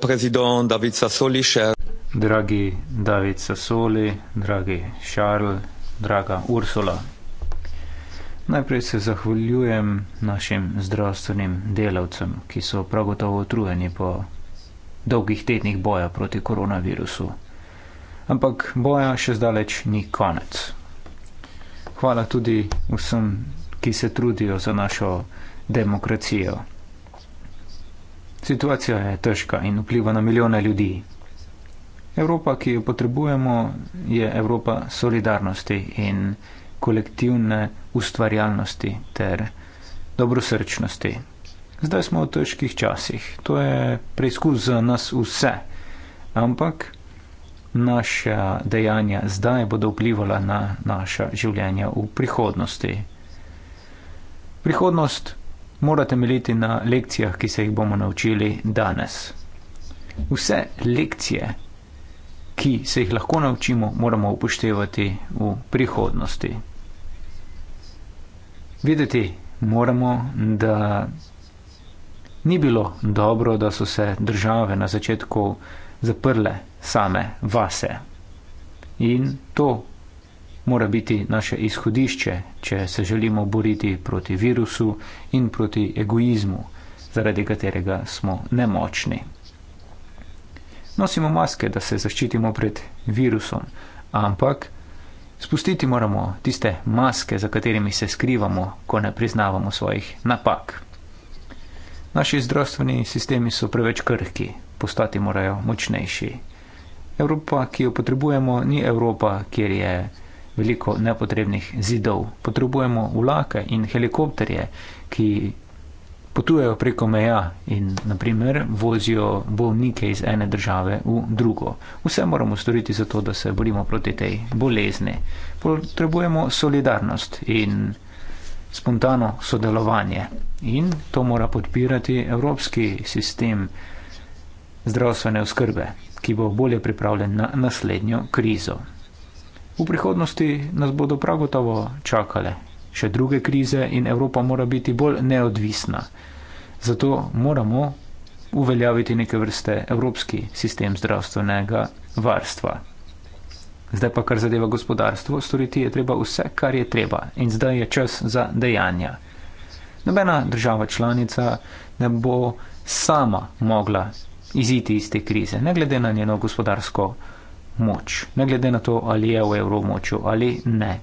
Prezident David Sassoli še. Dragi David Sassoli, dragi Šarl, draga Ursula. Najprej se zahvaljujem našim zdravstvenim delavcem, ki so prav gotovo utrujeni po dolgih tednih boja proti koronavirusu. Ampak boja še zdaleč ni konec. Hvala tudi vsem, ki se trudijo za našo demokracijo. Situacija je težka in vpliva na milijone ljudi. Evropa, ki jo potrebujemo, je Evropa solidarnosti in kolektivne ustvarjalnosti ter dobrosrčnosti. Zdaj smo v težkih časih. To je preizkus za nas vse. Ampak naša dejanja zdaj bodo vplivala na naša življenja v prihodnosti. Prihodnost morate meliti na lekcijah, ki se jih bomo naučili danes. Vse lekcije, ki se jih lahko naučimo, moramo upoštevati v prihodnosti. Videti moramo, da ni bilo dobro, da so se države na začetku zaprle same vase. In to mora biti naše izhodišče, če se želimo boriti proti virusu in proti egoizmu, zaradi katerega smo nemočni. Nosimo maske, da se zaščitimo pred virusom, ampak spustiti moramo tiste maske, za katerimi se skrivamo, ko ne priznavamo svojih napak. Naši zdravstveni sistemi so preveč krhki, postati morajo močnejši. Evropa, ki jo potrebujemo, ni Evropa, kjer je veliko nepotrebnih zidov. Potrebujemo vlake in helikopterje, ki potujejo preko meja in naprimer vozijo bolnike iz ene države v drugo. Vse moramo storiti za to, da se borimo proti tej bolezni. Potrebujemo solidarnost in spontano sodelovanje in to mora podpirati evropski sistem zdravstvene oskrbe, ki bo bolje pripravljen na naslednjo krizo. V prihodnosti nas bodo prav gotovo čakale še druge krize in Evropa mora biti bolj neodvisna. Zato moramo uveljaviti neke vrste evropski sistem zdravstvenega varstva. Zdaj pa, kar zadeva gospodarstvo, storiti je treba vse, kar je treba in zdaj je čas za dejanja. Nobena država članica ne bo sama mogla iziti iz te krize, ne glede na njeno gospodarsko moč, ne glede na to, ali je v evromočju ali ne.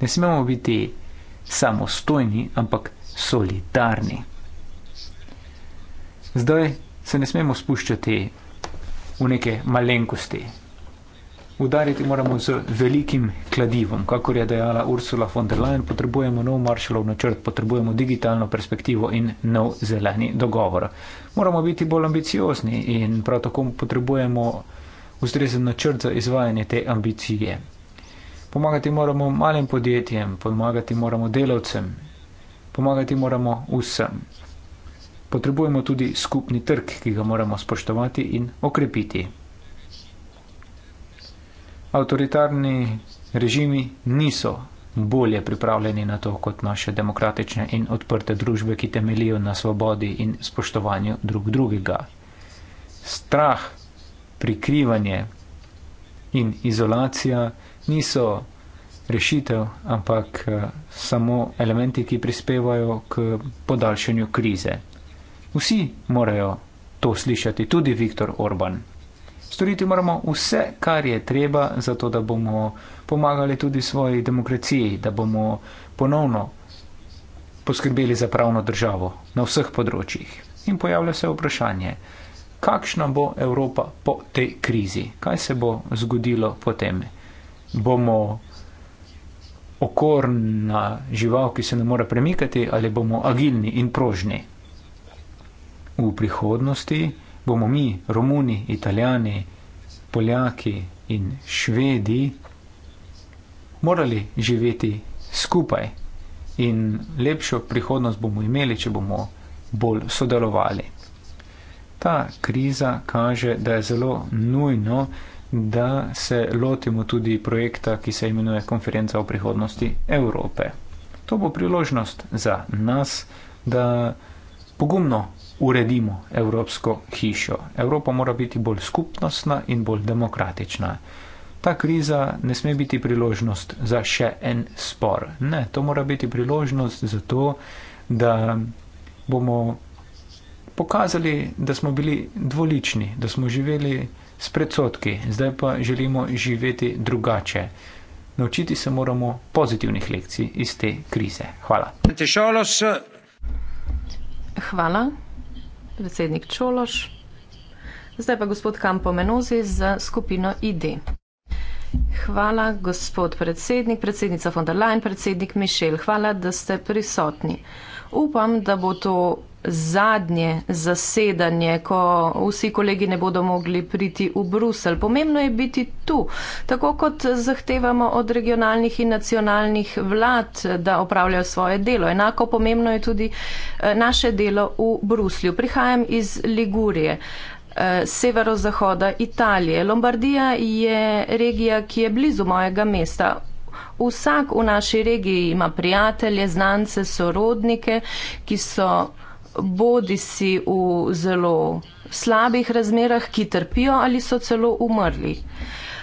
Ne smemo biti samostojni, ampak solidarni. Zdaj se ne smemo spuščati v neke malenkosti. Udariti moramo z velikim kladivom, kakor je dejala Ursula von der Leyen, potrebujemo nov maršalov načrt, potrebujemo digitalno perspektivo in nov zeleni dogovor. Moramo biti bolj ambiciozni in prav tako potrebujemo ustrezen načrt za izvajanje te ambicije. Pomagati moramo malim podjetjem, pomagati moramo delavcem, pomagati moramo vsem. Potrebujemo tudi skupni trg, ki ga moramo spoštovati in okrepiti. Avtoritarni režimi niso bolje pripravljeni na to kot naše demokratične in odprte družbe, ki temelijo na svobodi in spoštovanju drug drugega. Strah prikrivanje in izolacija niso rešitev, ampak eh, samo elementi, ki prispevajo k podaljšanju krize. Vsi morajo to slišati, tudi Viktor Orban. Storiti moramo vse, kar je treba, zato da bomo pomagali tudi svoji demokraciji, da bomo ponovno poskrbeli za pravno državo na vseh področjih. In pojavlja se vprašanje, kakšna bo Evropa po tej krizi, kaj se bo zgodilo potem. Bomo okorna žival, ki se ne more premikati, ali bomo agilni in prožni. V prihodnosti bomo mi, Romuni, Italijani, Poljaki in Švedi, morali živeti skupaj in lepšo prihodnost bomo imeli, če bomo bolj sodelovali ta kriza kaže, da je zelo nujno, da se lotimo tudi projekta, ki se imenuje Konferenca o prihodnosti Evrope. To bo priložnost za nas, da pogumno uredimo evropsko hišo. Evropa mora biti bolj skupnostna in bolj demokratična. Ta kriza ne sme biti priložnost za še en spor. Ne, to mora biti priložnost za to, da bomo pokazali, da smo bili dvolični, da smo živeli s predsotki, zdaj pa želimo živeti drugače. Naučiti se moramo pozitivnih lekcij iz te krize. Hvala. Hvala, predsednik Čološ. Zdaj pa gospod Kampo Menozi za skupino ID. Hvala, gospod predsednik, predsednica von der Leyen, predsednik Mišel. Hvala, da ste prisotni. Upam, da bo to zadnje zasedanje, ko vsi kolegi ne bodo mogli priti v Brusel. Pomembno je biti tu, tako kot zahtevamo od regionalnih in nacionalnih vlad, da opravljajo svoje delo. Enako pomembno je tudi eh, naše delo v Bruslju. Prihajam iz Ligurije. Uh, Eh, severozhoda Italije. Lombardija je regija, ki je blizu mojega mesta. Vsak v naši regiji ima prijatelje, znance, sorodnike, ki so bodi si v zelo slabih razmerah, ki trpijo ali so celo umrli.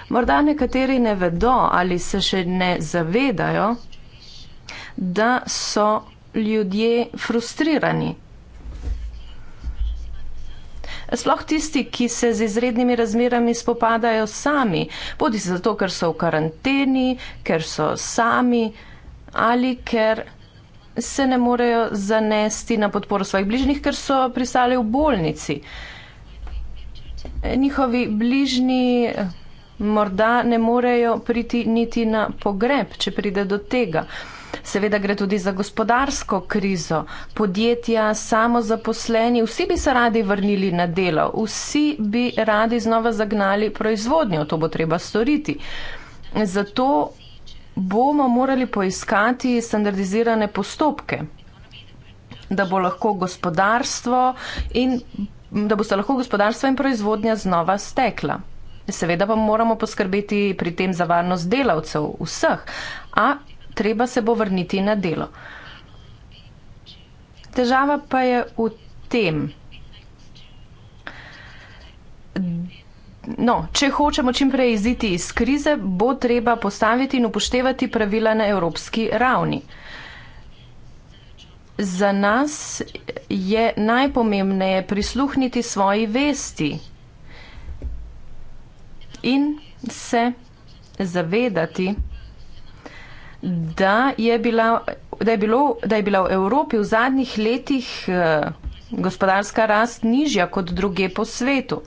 Morda nekateri ne vedo ali se še ne zavedajo, da so ljudje frustrirani, sploh tisti, ki se z izrednimi razmerami spopadajo sami, bodi se zato, ker so v karanteni, ker so sami ali ker se ne morejo zanesti na podporo svojih bližnjih, ker so pristali v bolnici. Njihovi bližnji eh, morda ne morejo priti niti na pogreb, če pride do tega. Seveda gre tudi za gospodarsko krizo. Podjetja, samozaposleni, vsi bi se radi vrnili na delo, vsi bi radi znova zagnali proizvodnjo, to bo treba storiti. Zato bomo morali poiskati standardizirane postopke, da bo lahko gospodarstvo in da bo se lahko gospodarstvo in proizvodnja znova stekla. Seveda pa moramo poskrbeti pri tem za varnost delavcev vseh, a treba se bo vrniti na delo. Težava pa je v tem, No, če hočemo čim prej iziti iz krize, bo treba postaviti in upoštevati pravila na evropski ravni. Za nas je najpomembneje prisluhniti svoji vesti in se zavedati, da da je, bila, da, je bilo, da je bila v Evropi v zadnjih letih eh, gospodarska rast nižja kot druge po svetu.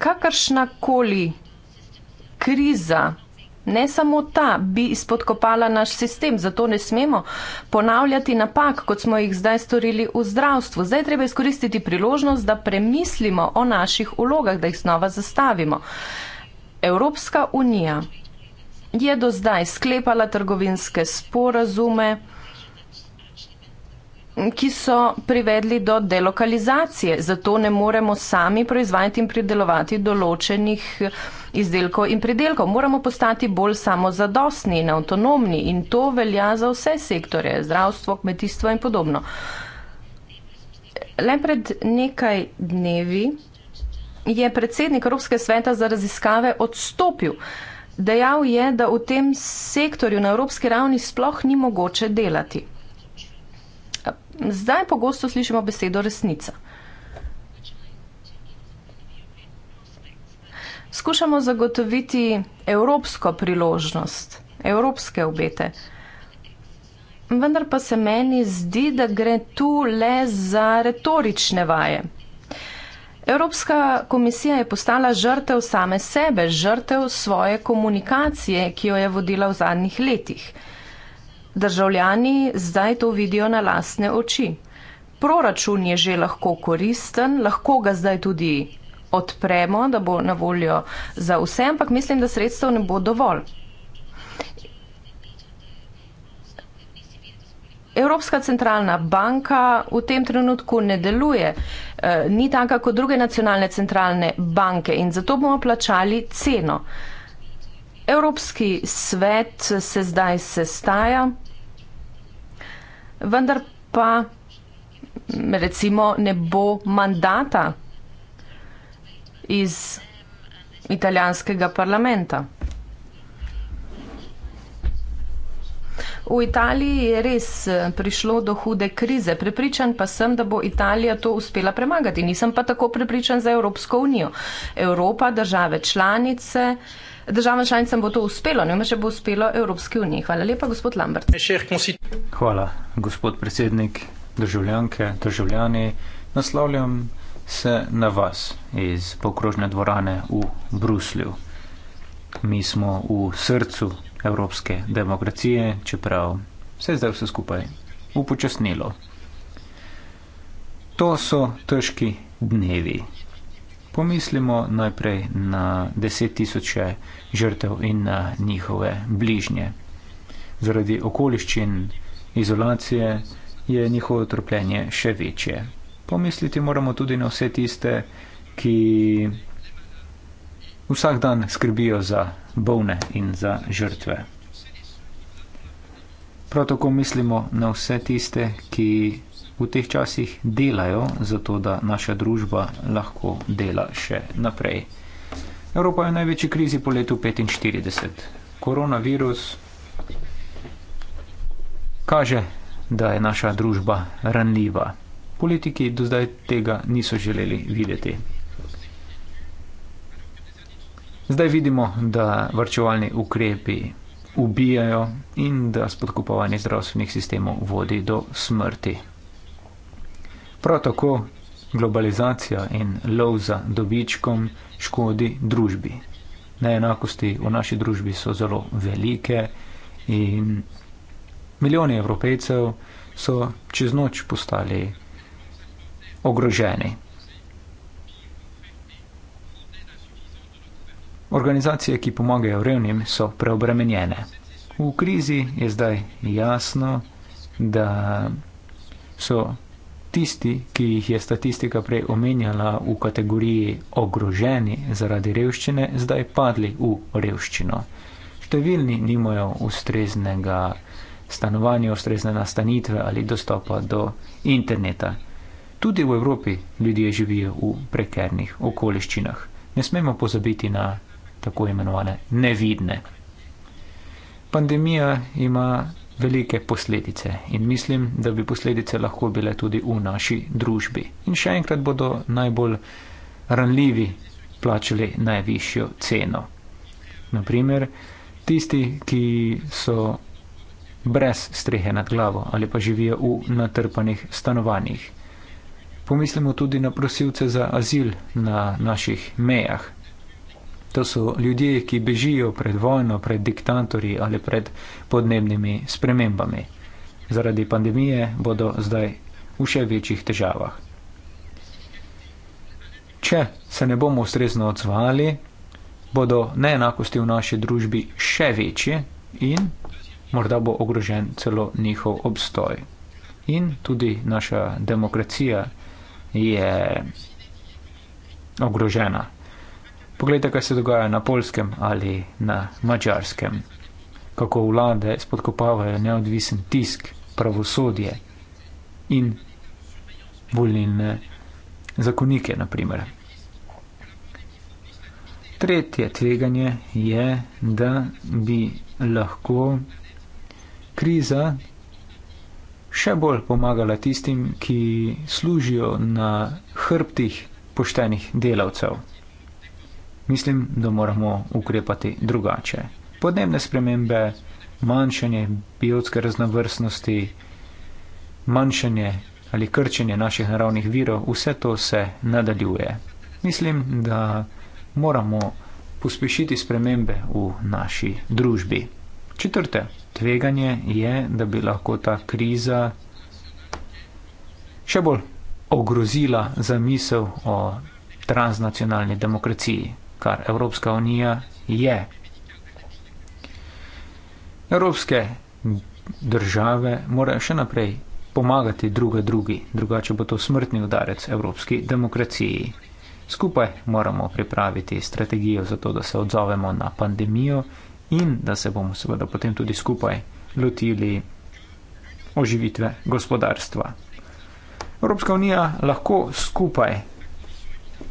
Kakršna koli kriza Ne samo ta bi izpodkopala naš sistem, zato ne smemo ponavljati napak, kot smo jih zdaj storili v zdravstvu. Zdaj treba izkoristiti priložnost, da premislimo o naših ulogah, da jih znova zastavimo. Evropska unija je do zdaj sklepala trgovinske sporazume, ki so privedli do delokalizacije. Zato ne moremo sami proizvajati in pridelovati določenih izdelkov in pridelkov. Moramo postati bolj samozadostni in avtonomni in to velja za vse sektore, zdravstvo, kmetijstvo in podobno. Le pred nekaj dnevi je predsednik Evropske sveta za raziskave odstopil. Dejal je, da v tem sektorju na evropski ravni sploh ni mogoče delati. Zdaj pogosto slišimo besedo resnica. Skušamo zagotoviti evropsko priložnost, evropske obete. Vendar pa se meni zdi, da gre tu le za retorične vaje. Evropska komisija je postala žrtev same sebe, žrtev svoje komunikacije, ki jo je vodila v zadnjih letih državljani zdaj to vidijo na lasne oči. Proračun je že lahko koristen, lahko ga zdaj tudi odpremo, da bo na voljo za vse, ampak mislim, da sredstev ne bo dovolj. Evropska centralna banka v tem trenutku ne deluje, eh, ni taka kot druge nacionalne centralne banke in zato bomo plačali ceno. Evropski svet se zdaj sestaja vendar pa recimo ne bo mandata iz italijanskega parlamenta. V Italiji je res eh, prišlo do hude krize, prepričan pa sem, da bo Italija to uspela premagati. Nisem pa tako prepričan za Evropsko unijo. Evropa, države članice, državam članicam bo to uspelo, ne vem, če bo uspelo Evropski uniji. Hvala lepa, gospod Lambert. Hvala, gospod predsednik, državljanke, državljani. Naslavljam se na vas iz pokrožne dvorane v Bruslju. Mi smo v srcu evropske demokracije, čeprav se je zdaj vse skupaj upočasnilo. To so težki dnevi, pomislimo najprej na deset tisoče žrtev in na njihove bližnje. Zaradi okoliščin izolacije je njihovo trpljenje še večje. Pomisliti moramo tudi na vse tiste, ki vsak dan skrbijo za bovne in za žrtve. Prav tako mislimo na vse tiste, ki v teh časih delajo, zato da naša družba lahko dela še naprej. Evropa je v največji krizi po letu 45. Koronavirus kaže, da je naša družba ranljiva. Politiki do zdaj tega niso želeli videti. Zdaj vidimo, da vrčevalni ukrepi ubijajo in da spodkupovanje zdravstvenih sistemov vodi do smrti. Prav tako globalizacija in lov za dobičkom škodi družbi. Neenakosti v naši družbi so zelo velike in milijoni evropejcev so čez noč postali ogroženi. Organizacije, ki pomagajo revnim, so preobremenjene. V krizi je zdaj jasno, da so tisti, ki jih je statistika prej omenjala v kategoriji ogroženi zaradi revščine, zdaj padli v revščino. Številni nimajo ustreznega stanovanja, ustrezne nastanitve ali dostopa do interneta. Tudi v Evropi ljudje živijo v prekernih okoliščinah. Ne smemo pozabiti na tako imenovane nevidne. Pandemija ima velike posledice in mislim, da bi posledice lahko bile tudi v naši družbi. In še enkrat bodo najbolj ranljivi plačali najvišjo ceno. Naprimer, tisti, ki so brez strehe nad glavo ali pa živijo v natrpanih stanovanjih. Pomislimo tudi na prosilce za azil na naših mejah. To so ljudje, ki bežijo pred vojno, pred diktatorji ali pred podnebnimi spremembami. Zaradi pandemije bodo zdaj v še večjih težavah. Če se ne bomo ustrezno odzvali, bodo neenakosti v naši družbi še večje in morda bo ogrožen celo njihov obstoj. In tudi naša demokracija je ogrožena. Poglejte, kaj se dogaja na polskem ali na mačarskem. Kako vlade spodkopavajo neodvisen tisk, pravosodje in volilne zakonike, naprimer. Tretje tveganje je, da bi lahko kriza še bolj pomagala tistim, ki služijo na hrbtih poštenih delavcev mislim, da moramo ukrepati drugače. Podnebne spremembe, manjšanje biotske raznovrstnosti, manjšanje ali krčenje naših naravnih virov, vse to se nadaljuje. Mislim, da moramo pospešiti spremembe v naši družbi. Četrte, tveganje je, da bi lahko ta kriza še bolj ogrozila zamisel o transnacionalni demokraciji kar Evropska unija je. Evropske države morajo še naprej pomagati druga drugi, drugače bo to smrtni udarec evropski demokraciji. Skupaj moramo pripraviti strategijo za to, da se odzovemo na pandemijo in da se bomo seveda potem tudi skupaj lotili oživitve gospodarstva. Evropska unija lahko skupaj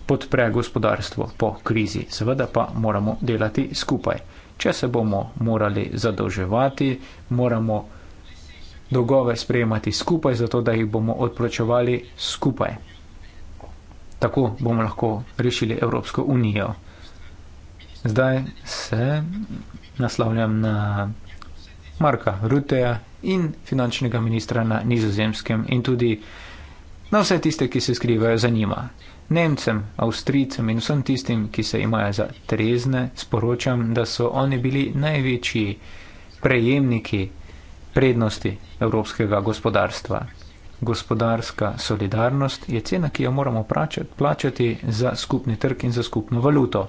podpre gospodarstvo po krizi. Seveda pa moramo delati skupaj. Če se bomo morali zadolževati, moramo dolgove sprejemati skupaj, zato da jih bomo odplačevali skupaj. Tako bomo lahko rešili Evropsko unijo. Zdaj se naslavljam na Marka Ruteja in finančnega ministra na nizozemskem in tudi na vse tiste, ki se skrivajo za njima. Nemcem, Avstrijcem in vsem tistim, ki se imajo za trezne, sporočam, da so oni bili največji prejemniki prednosti evropskega gospodarstva. Gospodarska solidarnost je cena, ki jo moramo plačati za skupni trg in za skupno valuto.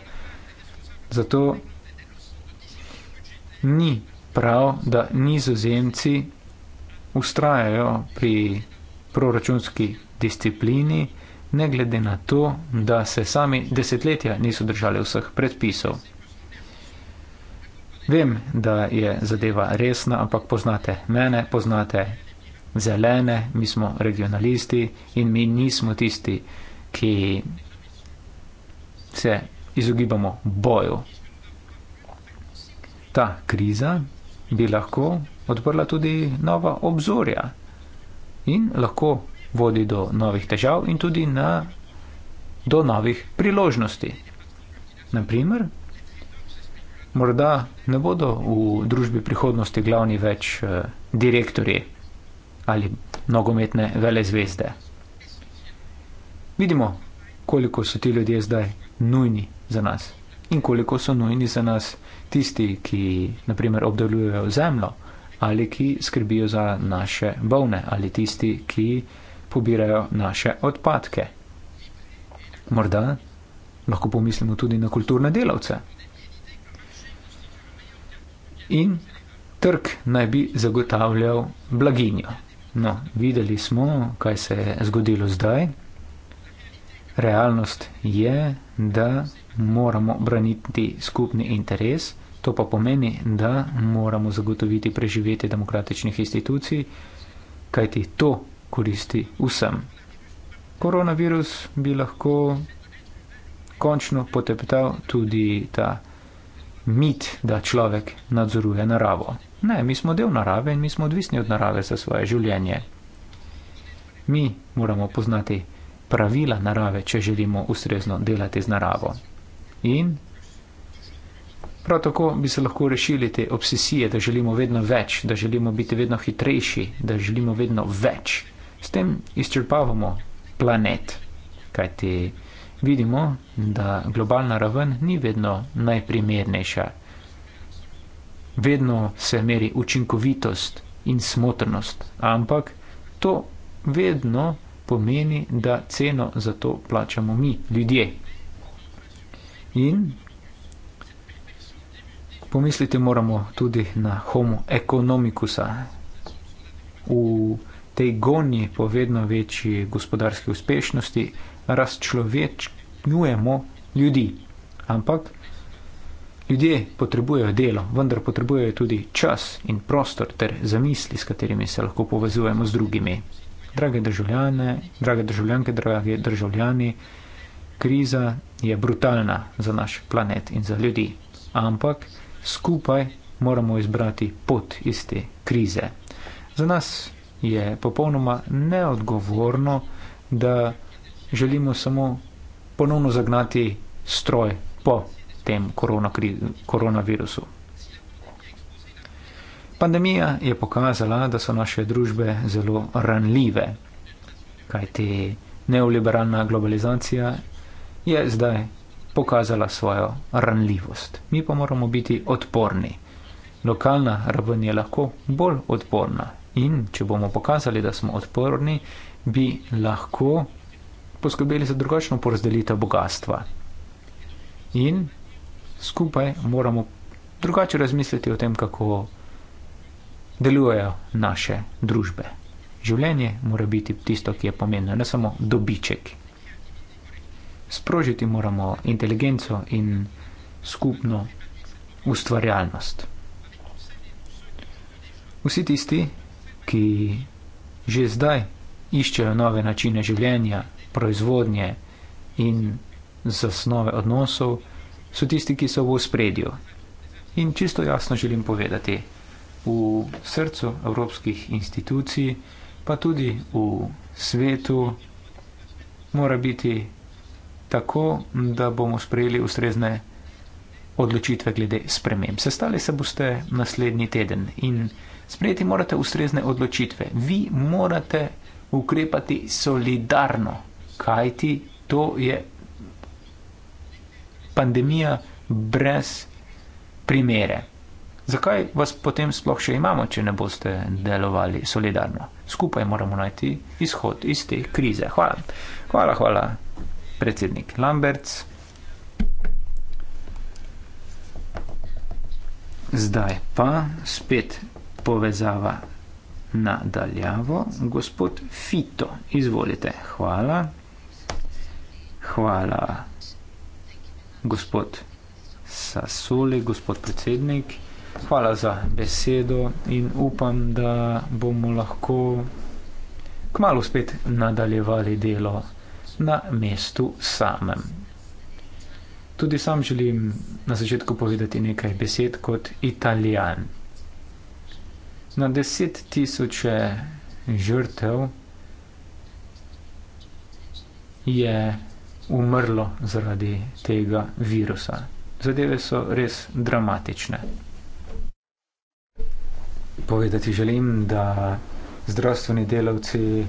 Zato ni prav, da nizozemci ustrajajo pri proračunski disciplini, ne glede na to, da se sami desetletja niso držali vseh predpisov. Vem, da je zadeva resna, ampak poznate mene, poznate zelene, mi smo regionalisti in mi nismo tisti, ki se izogibamo boju. Ta kriza bi lahko odprla tudi nova obzorja in lahko vodi do novih težav in tudi na, do novih priložnosti. Naprimer, morda ne bodo v družbi prihodnosti glavni več eh, direktori ali nogometne vele zvezde. Vidimo, koliko so ti ljudje zdaj nujni za nas in koliko so nujni za nas tisti, ki naprimer obdelujejo zemljo ali ki skrbijo za naše bovne ali tisti, ki eh, pobirajo naše odpadke. Morda lahko pomislimo tudi na kulturne delavce. In trg naj bi zagotavljal blaginjo. No, videli smo, kaj se je zgodilo zdaj. Realnost je, da moramo braniti skupni interes, to pa pomeni, da moramo zagotoviti preživetje demokratičnih institucij, kajti to koristi vsem. Koronavirus bi lahko končno poteptal tudi ta mit, da človek nadzoruje naravo. Ne, mi smo del narave in mi smo odvisni od narave za svoje življenje. Mi moramo poznati pravila narave, če želimo ustrezno delati z naravo. In prav tako bi se lahko rešili te obsesije, da želimo vedno več, da želimo biti vedno hitrejši, da želimo vedno več s tem izčrpavamo planet, kajti vidimo, da globalna raven ni vedno najprimernejša. Vedno se meri učinkovitost in smotrnost, ampak to vedno pomeni, da ceno za to plačamo mi, ljudje. In pomisliti moramo tudi na homo economicusa. V tej gonji po vedno večji gospodarski uspešnosti razčlovečnjujemo ljudi. Ampak ljudje potrebujejo delo, vendar potrebujejo tudi čas in prostor ter zamisli, s katerimi se lahko povezujemo z drugimi. Drage državljane, drage državljanke, drage državljani, kriza je brutalna za naš planet in za ljudi. Ampak skupaj moramo izbrati pot iz te krize. Za nas je popolnoma neodgovorno, da želimo samo ponovno zagnati stroj po tem koronavirusu. Pandemija je pokazala, da so naše družbe zelo ranljive, kajti neoliberalna globalizacija je zdaj pokazala svojo ranljivost. Mi pa moramo biti odporni. Lokalna raven je lahko bolj odporna, In če bomo pokazali, da smo odporni, bi lahko poskrbeli za drugačno porazdelitev bogatstva. In skupaj moramo drugače razmisliti o tem, kako delujejo naše družbe. Življenje mora biti tisto, ki je pomembno, ne samo dobiček. Sprožiti moramo inteligenco in skupno ustvarjalnost. Vsi tisti, ki že zdaj iščejo nove načine življenja, proizvodnje in zasnove odnosov, so tisti, ki so v spredju. In čisto jasno želim povedati, v srcu evropskih institucij, pa tudi v svetu, mora biti tako, da bomo sprejeli ustrezne odločitve glede sprememb. Sestali se boste naslednji teden in Sprejeti morate ustrezne odločitve. Vi morate ukrepati solidarno, kajti to je pandemija brez primere. Zakaj vas potem sploh še imamo, če ne boste delovali solidarno? Skupaj moramo najti izhod iz te krize. Hvala. Hvala, hvala, predsednik Lamberts. Zdaj pa spet povezava nadaljavo. Gospod Fito, izvolite. Hvala. Hvala, gospod Sasoli, gospod predsednik. Hvala za besedo in upam, da bomo lahko kmalo spet nadaljevali delo na mestu samem. Tudi sam želim na začetku povedati nekaj besed kot italijan na deset tisoče žrtev je umrlo zaradi tega virusa. Zadeve so res dramatične. Povedati želim, da zdravstveni delavci,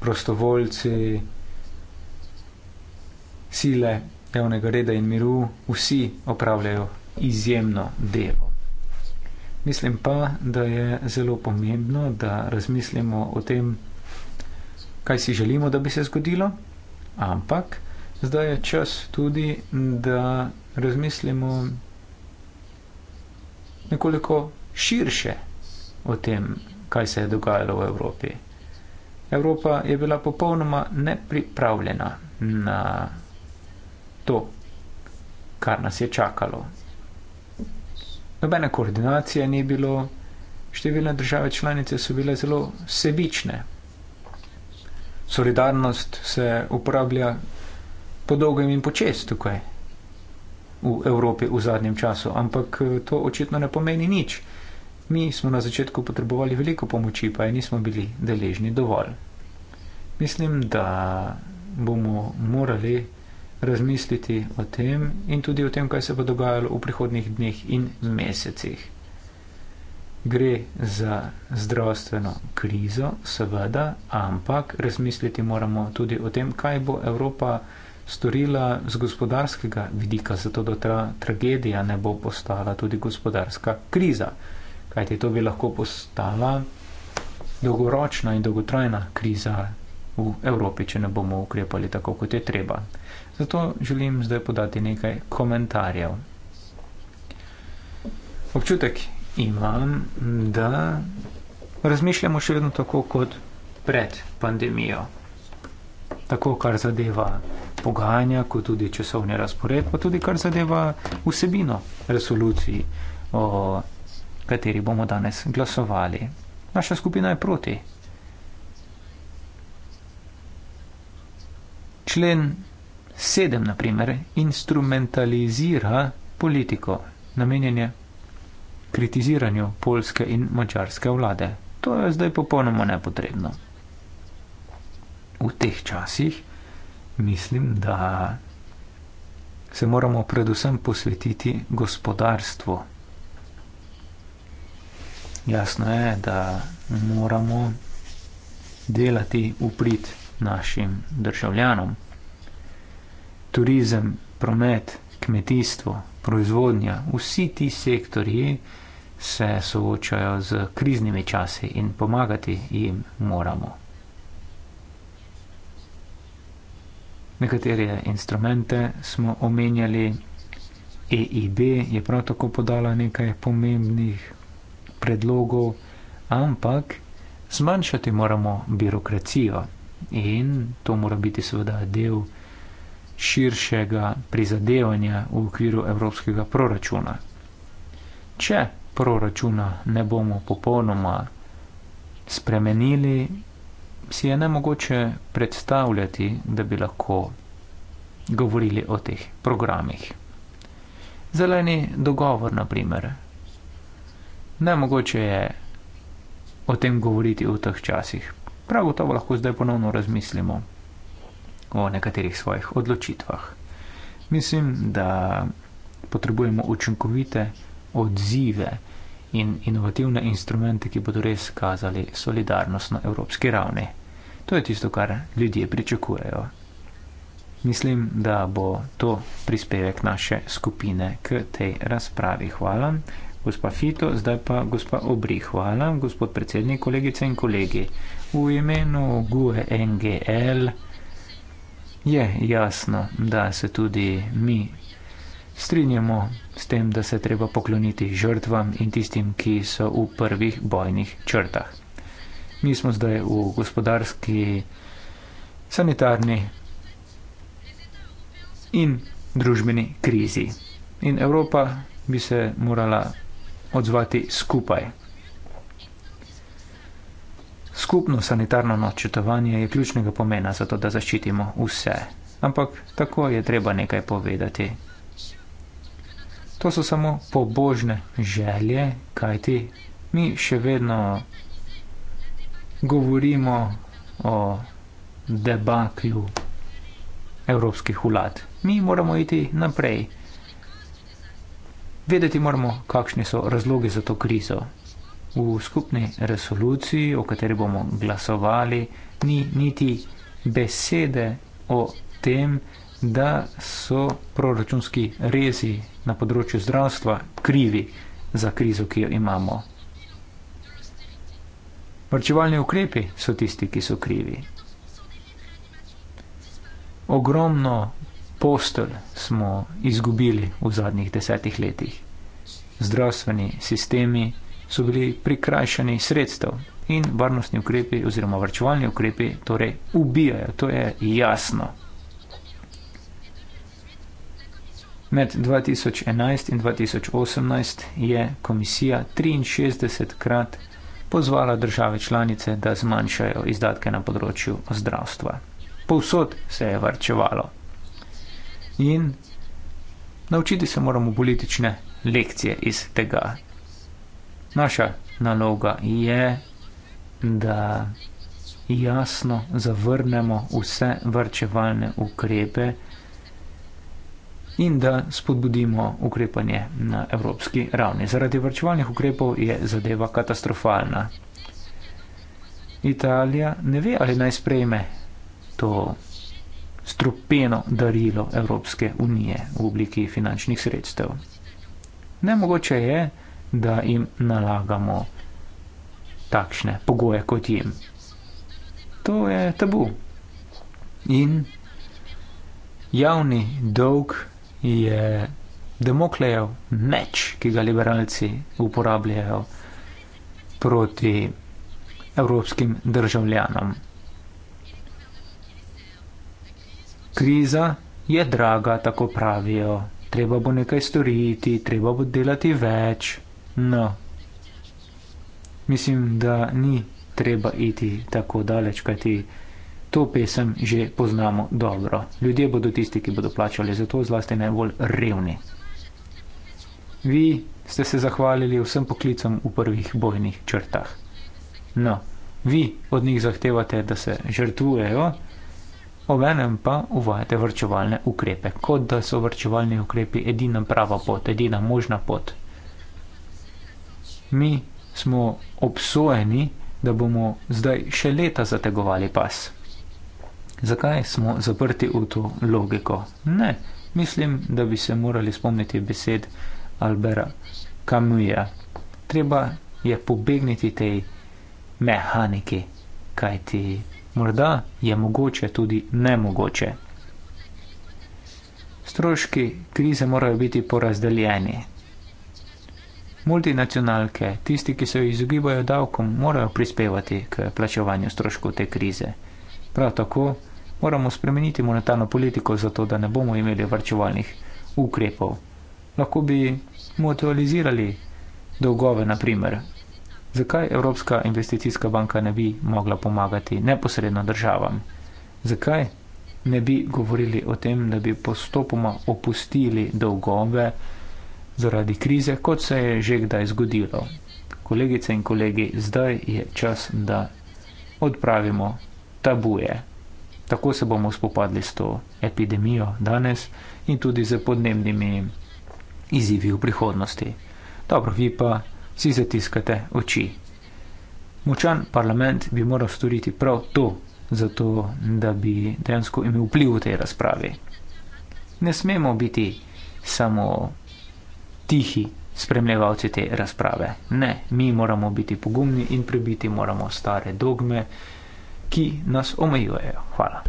prostovoljci, sile javnega reda in miru, vsi opravljajo izjemno delo. Mislim pa, da je zelo pomembno, da razmislimo o tem, kaj si želimo, da bi se zgodilo, ampak zdaj je čas tudi, da razmislimo nekoliko širše o tem, kaj se je dogajalo v Evropi. Evropa je bila popolnoma nepripravljena na to, kar nas je čakalo nobene koordinacije ni bilo, številne države članice so bile zelo sebične. Solidarnost se uporablja po dolgem in počest tukaj v Evropi v zadnjem času, ampak eh, to očitno ne pomeni nič. Mi smo na začetku potrebovali veliko pomoči, pa je nismo bili deležni dovolj. Mislim, da bomo morali razmisliti o tem in tudi o tem, kaj se bo dogajalo v prihodnih dneh in mesecih. Gre za zdravstveno krizo, seveda, ampak razmisliti moramo tudi o tem, kaj bo Evropa storila z gospodarskega vidika, zato da ta tragedija ne bo postala tudi gospodarska kriza. Kajti to bi lahko postala dolgoročna in dolgotrajna kriza v Evropi, če ne bomo ukrepali tako, kot je treba. Zato želim zdaj podati nekaj komentarjev. Občutek imam, da razmišljamo še vedno tako kot pred pandemijo. Tako, kar zadeva pogajanja, kot tudi časovni razpored, pa tudi, kar zadeva vsebino resoluciji, o kateri bomo danes glasovali. Naša skupina je proti. Člen sedem, naprimer, instrumentalizira politiko, namenjenje kritiziranju polske in mačarske vlade. To je zdaj popolnoma nepotrebno. V teh časih mislim, da se moramo predvsem posvetiti gospodarstvu. Jasno je, da moramo delati uprit našim državljanom turizem, promet, kmetijstvo, proizvodnja, vsi ti sektorji se soočajo z kriznimi časi in pomagati jim moramo. Nekatere instrumente smo omenjali, EIB je prav tako podala nekaj pomembnih predlogov, ampak zmanjšati moramo birokracijo in to mora biti seveda del širšega prizadevanja v okviru evropskega proračuna. Če proračuna ne bomo popolnoma spremenili, si je nemogoče predstavljati, da bi lahko govorili o teh programih. Zeleni dogovor, na primer. Nemogoče je o tem govoriti v teh časih. Prav gotovo lahko zdaj ponovno razmislimo o nekaterih svojih odločitvah. Mislim, da potrebujemo učinkovite odzive in inovativne instrumente, ki bodo res kazali solidarnost na evropski ravni. To je tisto, kar ljudje pričakujejo. Mislim, da bo to prispevek naše skupine k tej razpravi. Hvala, gospa Fito, zdaj pa gospa Obri. Hvala, gospod predsednik, kolegice in kolegi. V imenu GUE NGL je jasno, da se tudi mi strinjamo s tem, da se treba pokloniti žrtvam in tistim, ki so v prvih bojnih črtah. Mi smo zdaj v gospodarski, sanitarni in družbeni krizi. In Evropa bi se morala odzvati skupaj. Skupno sanitarno načrtovanje je ključnega pomena za to, da zaščitimo vse. Ampak tako je treba nekaj povedati. To so samo pobožne želje, kajti mi še vedno govorimo o debaklu evropskih vlad. Mi moramo iti naprej. Vedeti moramo, kakšni so razlogi za to krizo v skupni resoluciji, o kateri bomo glasovali, ni niti besede o tem, da so proračunski rezi na področju zdravstva krivi za krizo, ki jo imamo. Vrčevalni ukrepi so tisti, ki so krivi. Ogromno postelj smo izgubili v zadnjih desetih letih. Zdravstveni sistemi so bili prikrajšani sredstev in varnostni ukrepi oziroma vrčevalni ukrepi torej ubijajo. To je jasno. Med 2011 in 2018 je komisija 63 krat pozvala države članice, da zmanjšajo izdatke na področju zdravstva. Povsod se je varčevalo. In naučiti se moramo politične lekcije iz tega naša naloga je, da jasno zavrnemo vse vrčevalne ukrepe in da spodbudimo ukrepanje na evropski ravni. Zaradi vrčevalnih ukrepov je zadeva katastrofalna. Italija ne ve, ali naj sprejme to strupeno darilo Evropske unije v obliki finančnih sredstev. Nemogoče je, da je da jim nalagamo takšne pogoje kot jim. To je tabu. In javni dolg je demoklejev meč, ki ga liberalci uporabljajo proti evropskim državljanom. Kriza je draga, tako pravijo. Treba bo nekaj storiti, treba bo delati več. No, mislim, da ni treba iti tako daleč, kajti to pesem že poznamo dobro. Ljudje bodo tisti, ki bodo plačali, zato zlasti najbolj revni. Vi ste se zahvalili vsem poklicom v prvih bojnih črtah. No, vi od njih zahtevate, da se žrtvujejo, obenem pa uvajate vrčevalne ukrepe, kot da so vrčevalni ukrepi edina prava pot, edina možna pot mi smo obsojeni, da bomo zdaj še leta zategovali pas. Zakaj smo zaprti v to logiko? Ne, mislim, da bi se morali spomniti besed Albera Camusa. Treba je pobegniti tej mehaniki, kajti morda je mogoče tudi nemogoče. Stroški krize morajo biti porazdeljeni, multinacionalke, tisti, ki se izogibajo davkom, morajo prispevati k plačevanju stroškov te krize. Prav tako moramo spremeniti monetarno politiko, zato da ne bomo imeli varčevalnih ukrepov. Lahko bi mutualizirali dolgove, naprimer. Zakaj Evropska investicijska banka ne bi mogla pomagati neposredno državam? Zakaj ne bi govorili o tem, da bi postopoma opustili dolgove? zaradi krize, kot se je že kdaj zgodilo. Kolegice in kolegi, zdaj je čas, da odpravimo tabuje. Tako se bomo spopadli s to epidemijo danes in tudi z podnebnimi izzivi v prihodnosti. Dobro, vi pa si zatiskate oči. Močan parlament bi moral storiti prav to, zato da bi dejansko imel vpliv v tej razpravi. Ne smemo biti samo tihi spremljevalci te razprave. Ne, mi moramo biti pogumni in prebiti moramo stare dogme, ki nas omejujejo. Hvala.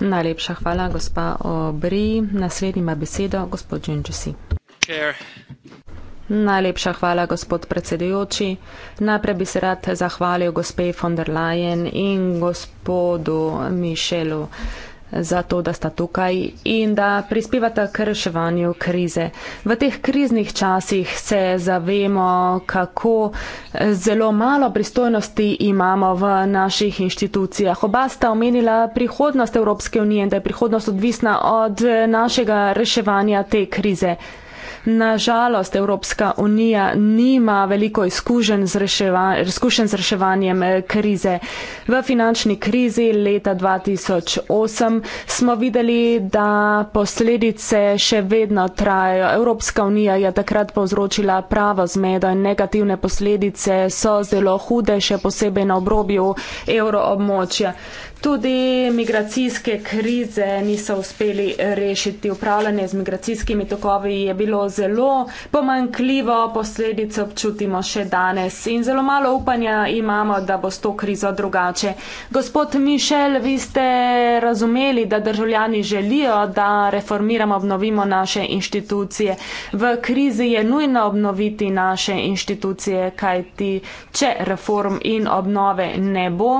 Najlepša hvala, gospa Obri. Naslednji ima besedo, gospod Džunčusi. Najlepša hvala, gospod predsedujoči. Najprej bi se rad zahvalil gospej von der Leyen in gospodu Mišelu za to, da sta tukaj in da prispevata k reševanju krize. V teh kriznih časih se zavemo, kako zelo malo pristojnosti imamo v naših inštitucijah. Oba sta omenila prihodnost Evropske unije in da je prihodnost odvisna od našega reševanja te krize. Nažalost, Evropska unija nima veliko izkušenj z reševanjem eh, krize. V finančni krizi leta 2008 smo videli, da posledice še vedno trajajo. Evropska unija je takrat povzročila pravo zmedo in negativne posledice so zelo hude, še posebej na obrobju evroobmočja. Tudi migracijske krize niso uspeli rešiti. Upravljanje z migracijskimi tokovi je bilo zelo pomankljivo posledice občutimo še danes in zelo malo upanja imamo, da bo s to krizo drugače. Gospod Mišel, vi ste razumeli, da državljani želijo, da reformiramo, obnovimo naše inštitucije. V krizi je nujno obnoviti naše inštitucije, kajti če reform in obnove ne bo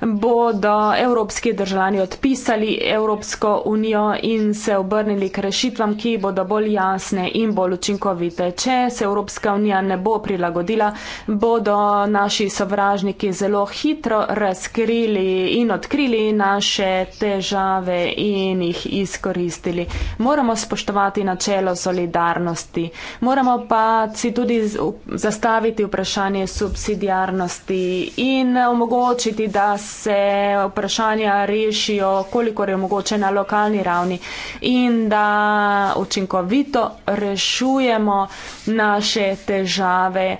bodo evropski državljani odpisali Evropsko unijo in se obrnili k rešitvam, ki bodo bolj jasne in bolj učinkovite. Če se Evropska unija ne bo prilagodila, bodo naši sovražniki zelo hitro razkrili in odkrili naše težave in jih izkoristili. Moramo spoštovati načelo solidarnosti, moramo pa si tudi zastaviti vprašanje subsidijarnosti in omogočiti, da se vprašanja rešijo, kolikor je mogoče na lokalni ravni in da učinkovito rešujemo naše težave,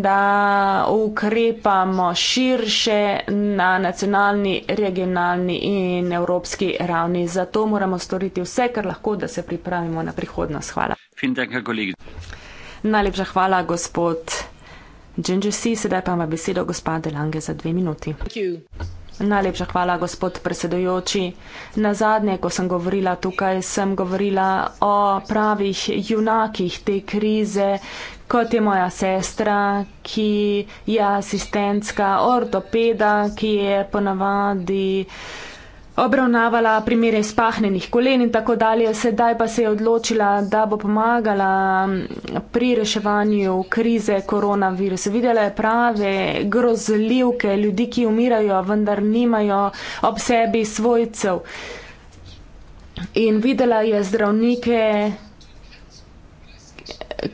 da ukrepamo širše na nacionalni, regionalni in evropski ravni. Zato moramo storiti vse, kar lahko, da se pripravimo na prihodnost. Hvala. Najlepša hvala, gospod. Ginger C., sedaj pa ima besedo gospa Delange za dve minuti. Najlepša hvala, gospod predsedojoči. Na zadnje, ko sem govorila tukaj, sem govorila o pravih junakih te krize, kot je moja sestra, ki je asistentska ortopeda, ki je ponavadi obravnavala primere spahnenih kolen in tako dalje. Sedaj pa se je odločila, da bo pomagala pri reševanju krize koronavirusa. Videla je prave grozljivke ljudi, ki umirajo, vendar nimajo ob sebi svojcev. In videla je zdravnike,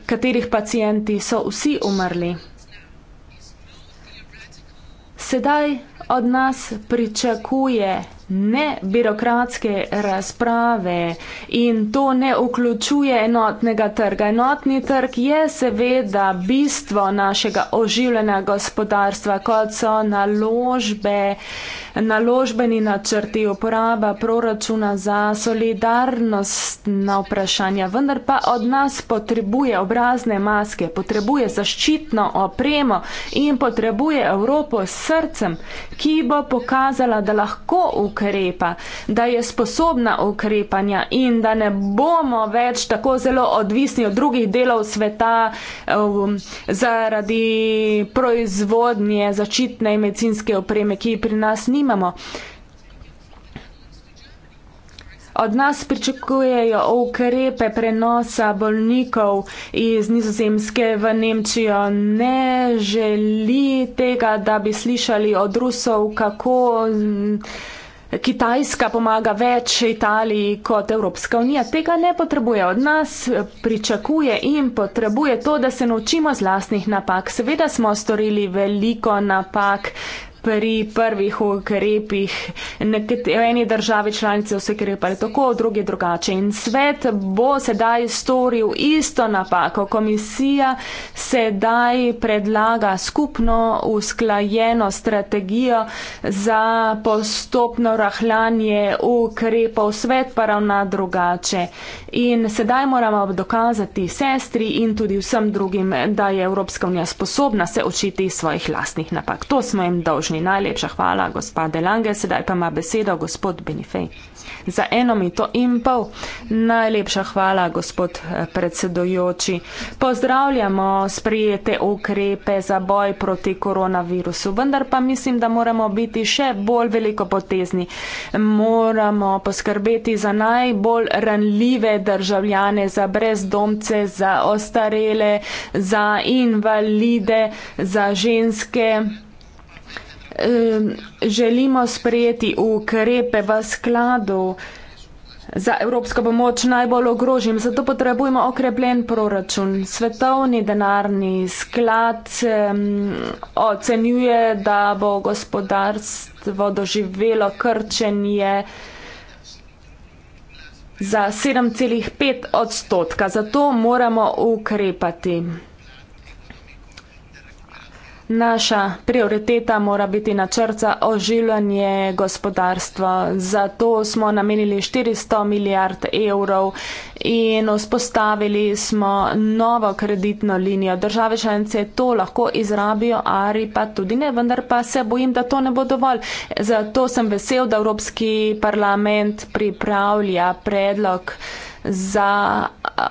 katerih pacijenti so vsi umrli. Sedaj od nas pričakuje ne birokratske razprave in to ne vključuje enotnega trga. Enotni trg je seveda bistvo našega oživljena gospodarstva, kot so naložbe, naložbeni načrti, uporaba proračuna za solidarnost na vprašanja. Vendar pa od nas potrebuje obrazne maske, potrebuje zaščitno opremo in potrebuje Evropo s srcem, ki bo pokazala, da lahko ukrepa ukrepa, da je sposobna ukrepanja in da ne bomo več tako zelo odvisni od drugih delov sveta um, zaradi proizvodnje začitne medicinske opreme, ki pri nas nimamo. Od nas pričakujejo ukrepe prenosa bolnikov iz Nizozemske v Nemčijo. Ne želi tega, da bi slišali od Rusov, kako. Um, Kitajska pomaga več Italiji kot Evropska unija. Tega ne potrebuje od nas, pričakuje in potrebuje to, da se naučimo z lastnih napak. Seveda smo storili veliko napak, pri prvih ukrepih, v eni državi članice vse krepali tako, v drugi drugače. In svet bo sedaj storil isto napako. Komisija sedaj predlaga skupno usklajeno strategijo za postopno rahljanje ukrepov, svet pa ravna drugače. In sedaj moramo dokazati sestri in tudi vsem drugim, da je Evropska unija sposobna se učiti iz svojih lastnih napak. To smo jim dolžni mi najlepša hvala, gospa Delange, sedaj pa ima besedo gospod Benifej. Za eno mi to in pol. Najlepša hvala, gospod eh, predsedojoči. Pozdravljamo sprijete ukrepe za boj proti koronavirusu, vendar pa mislim, da moramo biti še bolj veliko potezni. Moramo poskrbeti za najbolj ranljive državljane, za brezdomce, za ostarele, za invalide, za ženske želimo sprejeti ukrepe v skladu za evropsko pomoč najbolj ogrožim. Zato potrebujemo okrepljen proračun. Svetovni denarni sklad um, ocenjuje, da bo gospodarstvo doživelo krčenje za 7,5 odstotka. Zato moramo ukrepati. Naša prioriteta mora biti načrt za oživljanje gospodarstva. Zato smo namenili 400 milijard evrov in vzpostavili smo novo kreditno linijo. Države članice to lahko izrabijo, ali pa tudi ne, vendar pa se bojim, da to ne bo dovolj. Zato sem vesel, da Evropski parlament pripravlja predlog za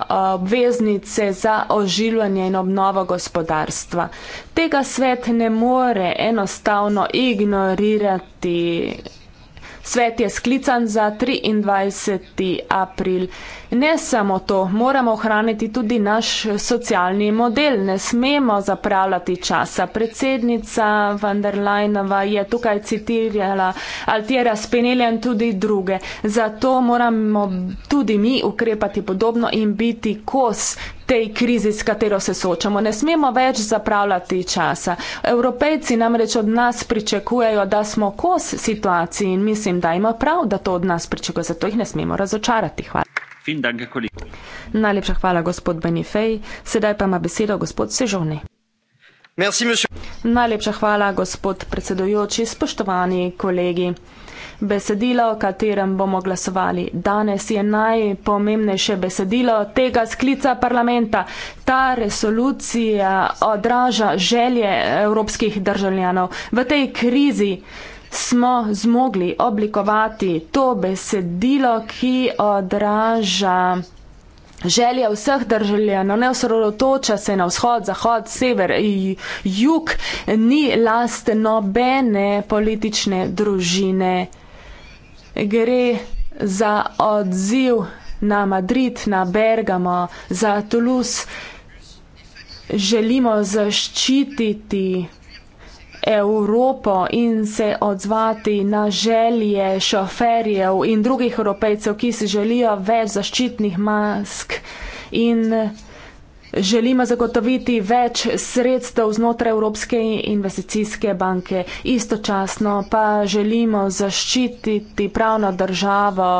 obveznice za oživljanje in obnovo gospodarstva. Tega svet ne more enostavno ignorirati. Svet je sklican za 23. april. Ne samo to, moramo ohraniti tudi naš socialni model, ne smemo zapravljati časa. Predsednica von der Leinova je tukaj citirala Altiera Spenelja in tudi druge. Zato moramo tudi mi ukrepati podobno in biti kos tej krizi, s katero se soočamo. Ne smemo več zapravljati časa. Evropejci namreč od nas pričakujejo, da smo kos situaciji in mislim, da ima prav, da to od nas pričakujejo. Zato jih ne smemo razočarati. Hvala. Najlepša hvala, gospod Benifej. Sedaj pa ima besedo gospod Sežovni. Merci, Najlepša hvala, gospod predsedujoči, spoštovani kolegi. Besedilo, o katerem bomo glasovali danes, je najpomembnejše besedilo tega sklica parlamenta. Ta resolucija odraža želje evropskih državljanov v tej krizi smo zmogli oblikovati to besedilo, ki odraža želje vseh državljanov, ne osredotoča se na vzhod, zahod, sever, jug, ni last nobene politične družine. Gre za odziv na Madrid, na Bergamo, za Toulouse. Želimo zaščititi Evropo in se odzvati na želje šoferjev in drugih evropejcev, ki si želijo več zaščitnih mask in želimo zagotoviti več sredstev znotraj Evropske investicijske banke. Istočasno pa želimo zaščititi pravno državo.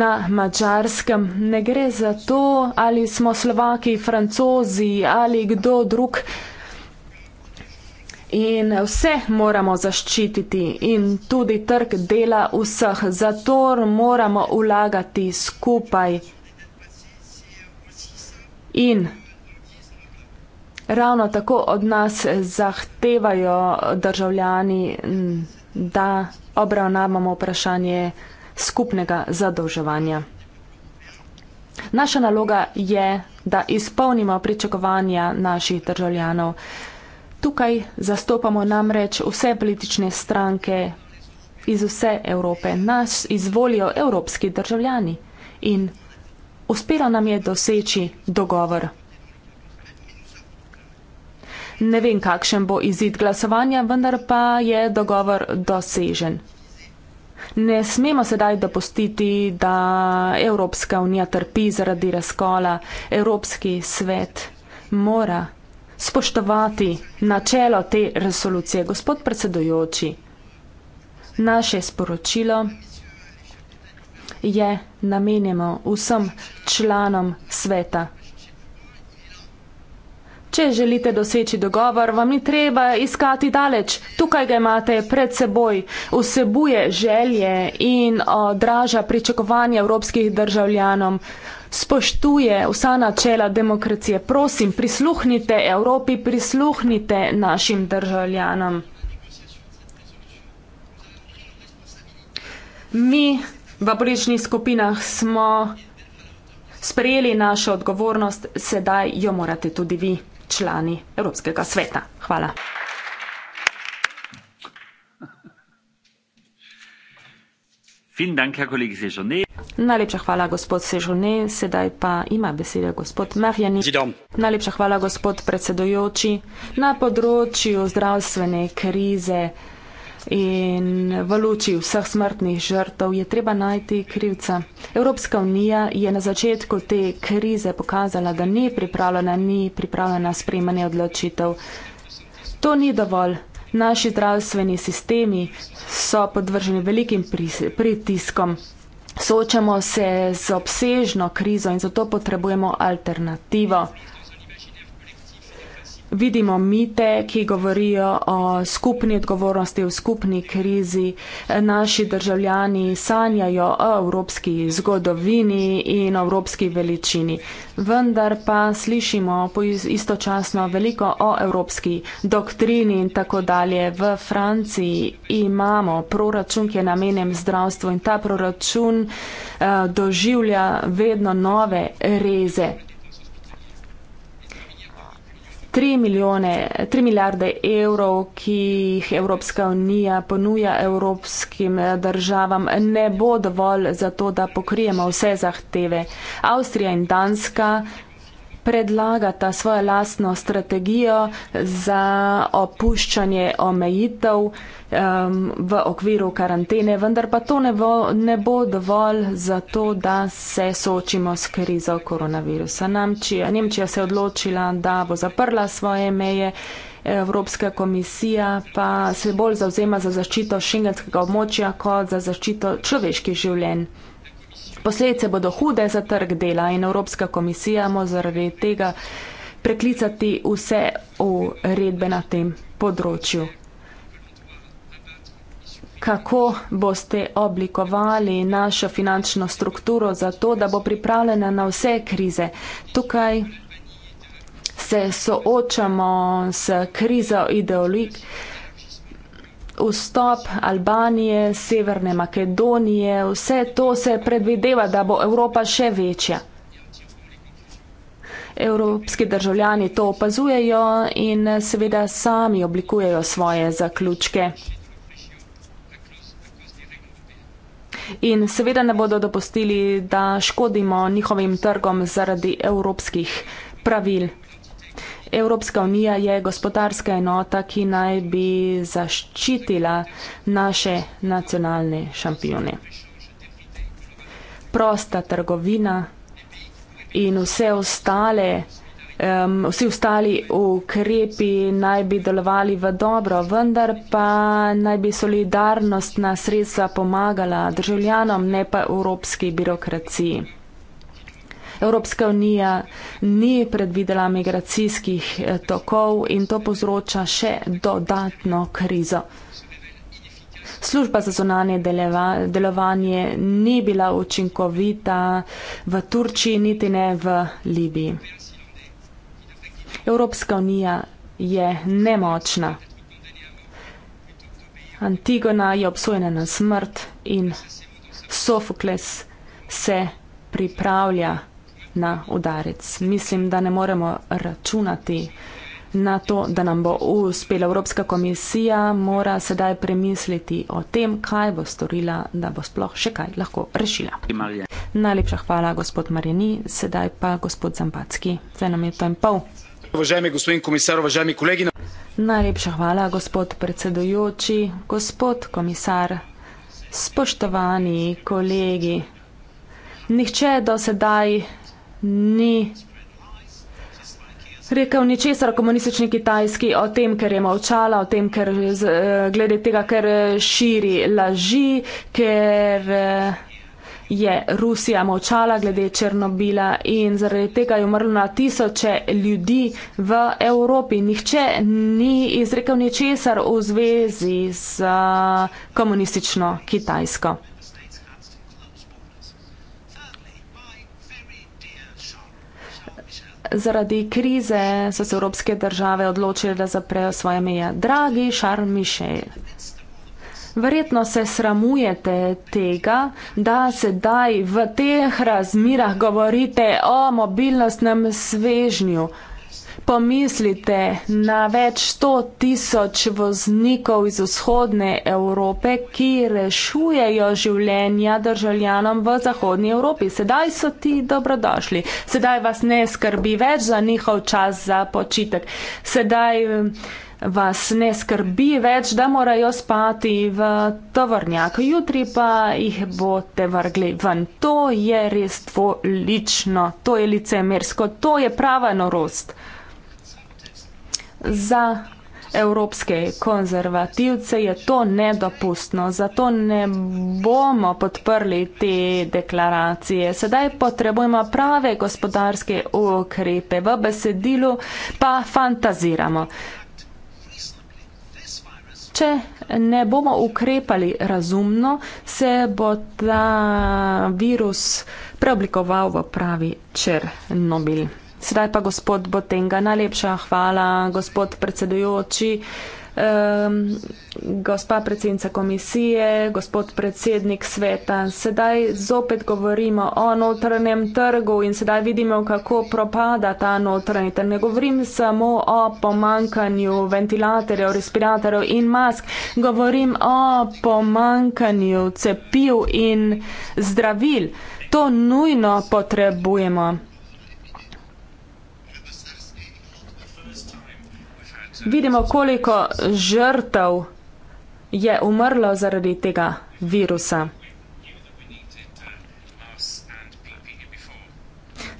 Na mačarskem ne gre za to, ali smo Slovaki, Francozi ali kdo drug. In vse moramo zaščititi in tudi trg dela vseh, zato moramo vlagati skupaj. In ravno tako od nas zahtevajo državljani, da obravnavamo vprašanje skupnega zadolževanja. Naša naloga je, da izpolnimo pričakovanja naših državljanov. Tukaj zastopamo namreč vse politične stranke iz vse Evrope. Nas izvolijo evropski državljani in uspelo nam je doseči dogovor. Ne vem, kakšen bo izid glasovanja, vendar pa je dogovor dosežen. Ne smemo sedaj dopustiti, da Evropska unija trpi zaradi razkola. Evropski svet mora spoštovati načelo te resolucije. Gospod predsedujoči, naše sporočilo je namenjeno vsem članom sveta. Če želite doseči dogovor, vam ni treba iskati daleč. Tukaj ga imate pred seboj. Vsebuje želje in odraža pričakovanje evropskih državljanom spoštuje vsa načela demokracije. Prosim, prisluhnite Evropi, prisluhnite našim državljanom. Mi v apoličnih skupinah smo sprejeli našo odgovornost, sedaj jo morate tudi vi, člani Evropskega sveta. Hvala. Fin dank, Herr Kollege Sejourné. Najlepša hvala, gospod Sežone. Sedaj pa ima besedo gospod Marjani. Najlepša hvala, gospod predsedojoči. Na področju zdravstvene krize in v luči vseh smrtnih žrtev je treba najti krivca. Evropska unija je na začetku te krize pokazala, da ni pripravljena, ni pripravljena sprejmanje odločitev. To ni dovolj. Naši zdravstveni sistemi so podvrženi velikim pritiskom. Soočamo se z obsežno krizo in zato potrebujemo alternativo vidimo mite, ki govorijo o skupni odgovornosti, o skupni krizi. Naši državljani sanjajo o evropski zgodovini in evropski veličini. Vendar pa slišimo istočasno veliko o evropski doktrini in tako dalje. V Franciji imamo proračun, ki je namenjen zdravstvu in ta proračun uh, doživlja vedno nove reze. 3, milijone, 3 milijarde evrov, ki jih Evropska unija ponuja evropskim eh, državam, ne bo dovolj za to, da pokrijemo vse zahteve. Avstrija in Danska predlagata svojo lastno strategijo za opuščanje omejitev um, v okviru karantene, vendar pa to ne bo, ne bo dovolj za to, da se soočimo s krizo koronavirusa. Namčija, Nemčija se je odločila, da bo zaprla svoje meje. Evropska komisija pa se bolj zauzema za zaščito šengenskega območja kot za zaščito človeških življenj. Posledice bodo hude za trg dela in Evropska komisija mo zaradi tega preklicati vse uredbe na tem področju. Kako boste oblikovali našo finančno strukturo za to, da bo pripravljena na vse krize? Tukaj se soočamo s krizo ideologije vstop Albanije, Severne Makedonije, vse to se predvideva, da bo Evropa še večja. Evropski državljani to opazujejo in seveda sami oblikujejo svoje zaključke. In seveda ne bodo dopustili, da škodimo njihovim trgom zaradi evropskih pravil. Evropska unija je gospodarska enota, ki naj bi zaščitila naše nacionalne šampione. Prosta trgovina in vse ostale, um, vsi ostali ukrepi naj bi delovali v dobro, vendar pa naj bi solidarnostna sredstva pomagala državljanom, ne pa evropski birokraciji. Evropska unija ni predvidela migracijskih eh, tokov in to povzroča še dodatno krizo. Služba za zonanje delovanje ni bila učinkovita v Turčiji, niti ne v Libiji. Evropska unija je nemočna. Antigona je obsojena na smrt in Sofokles se pripravlja na udarec. Mislim, da ne moremo računati na to, da nam bo uspela Evropska komisija, mora sedaj premisliti o tem, kaj bo storila, da bo sploh še kaj lahko rešila. Najlepša hvala, gospod Marjeni, sedaj pa gospod Zambacki. Zdaj nam je to in pol. Vžajmi, gospodin komisar, vžajmi kolegi. Najlepša hvala, gospod predsedujoči, gospod komisar, spoštovani kolegi. Nihče do sedaj ni rekel ničesar komunistični kitajski o tem, ker je molčala, o tem, ker eh, glede tega, ker eh, širi laži, ker eh, je Rusija molčala glede Černobila in zaradi tega je umrlo na tisoče ljudi v Evropi. Nihče ni izrekel ničesar v zvezi z komunistično kitajsko. zaradi krize so se evropske države odločile, da zaprejo svoje meje. Dragi Charles Michel, verjetno se sramujete tega, da sedaj v teh razmirah govorite o mobilnostnem svežnju pomislite na več sto tisoč voznikov iz vzhodne Evrope, ki rešujejo življenja državljanom v zahodnji Evropi. Sedaj so ti dobrodošli. Sedaj vas ne skrbi več za njihov čas za počitek. Sedaj um, vas ne skrbi več, da morajo spati v tovrnjak. Jutri pa jih boste vrgli ven. To je res dvolično, to je licemersko, to je prava norost za evropske konzervativce je to nedopustno, zato ne bomo podprli te deklaracije. Sedaj potrebujemo prave gospodarske ukrepe, v besedilu pa fantaziramo. Če ne bomo ukrepali razumno, se bo ta virus preoblikoval v pravi Černobil. Sedaj pa gospod Botenga, najlepša hvala, gospod predsedujoči, um, gospa predsednica komisije, gospod predsednik sveta. Sedaj zopet govorimo o notranjem trgu in sedaj vidimo, kako propada ta notranji trg. Ne govorim samo o pomankanju ventilatorjev, respiratorjev in mask, govorim o pomankanju cepiv in zdravil. To nujno potrebujemo. vidimo, koliko žrtev je umrlo zaradi tega virusa.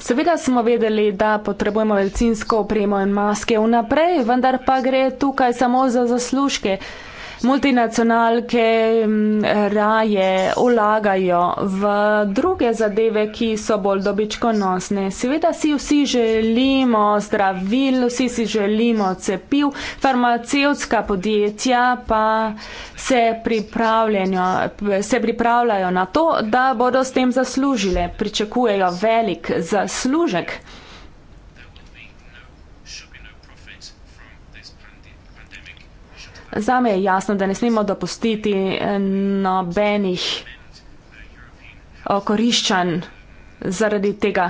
Seveda smo vedeli, da potrebujemo medicinsko opremo in maske vnaprej, vendar pa gre tukaj samo za zaslužke. Uh, multinacionalke mm, raje ulagajo v druge zadeve, ki so bolj dobičkonosne. Seveda si vsi želimo zdravil, vsi si želimo cepiv, farmacevtska podjetja pa se, se pripravljajo na to, da bodo s tem zaslužile, pričakujejo velik zaslužek. Zame je jasno, da ne smemo dopustiti eh, nobenih okoriščanj zaradi tega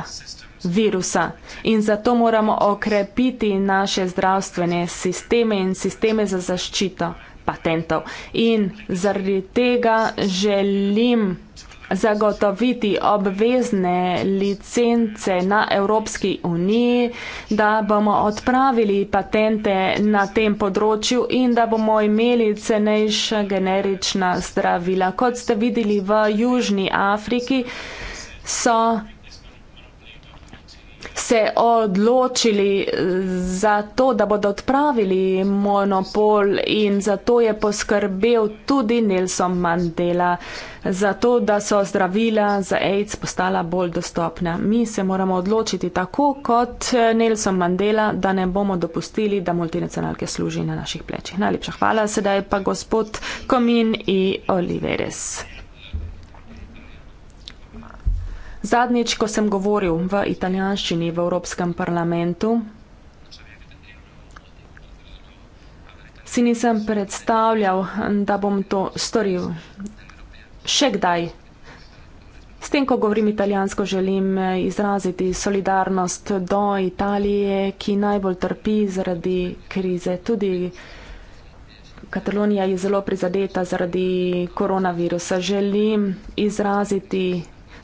virusa. In zato moramo okrepiti naše zdravstvene sisteme in sisteme za zaščito patentov. In zaradi tega želim zagotoviti obvezne licence na Evropski uniji, da bomo odpravili patente na tem področju in da bomo imeli cenejša generična zdravila. Kot ste videli v Južni Afriki, so se odločili eh, za to, da bodo odpravili monopol in zato je poskrbel tudi Nelson Mandela, zato da so zdravila za AIDS postala bolj dostopna. Mi se moramo odločiti tako kot Nelson Mandela, da ne bomo dopustili, da multinacionalke služi na naših plečih. Najlepša hvala, sedaj pa gospod Komin in Oliveres. Zadnjič, ko sem govoril v italijanščini v Evropskem parlamentu, si nisem predstavljal, da bom to storil še kdaj. S tem, ko govorim italijansko, želim izraziti solidarnost do Italije, ki najbolj trpi zaradi krize. Tudi Katalonija je zelo prizadeta zaradi koronavirusa. Želim izraziti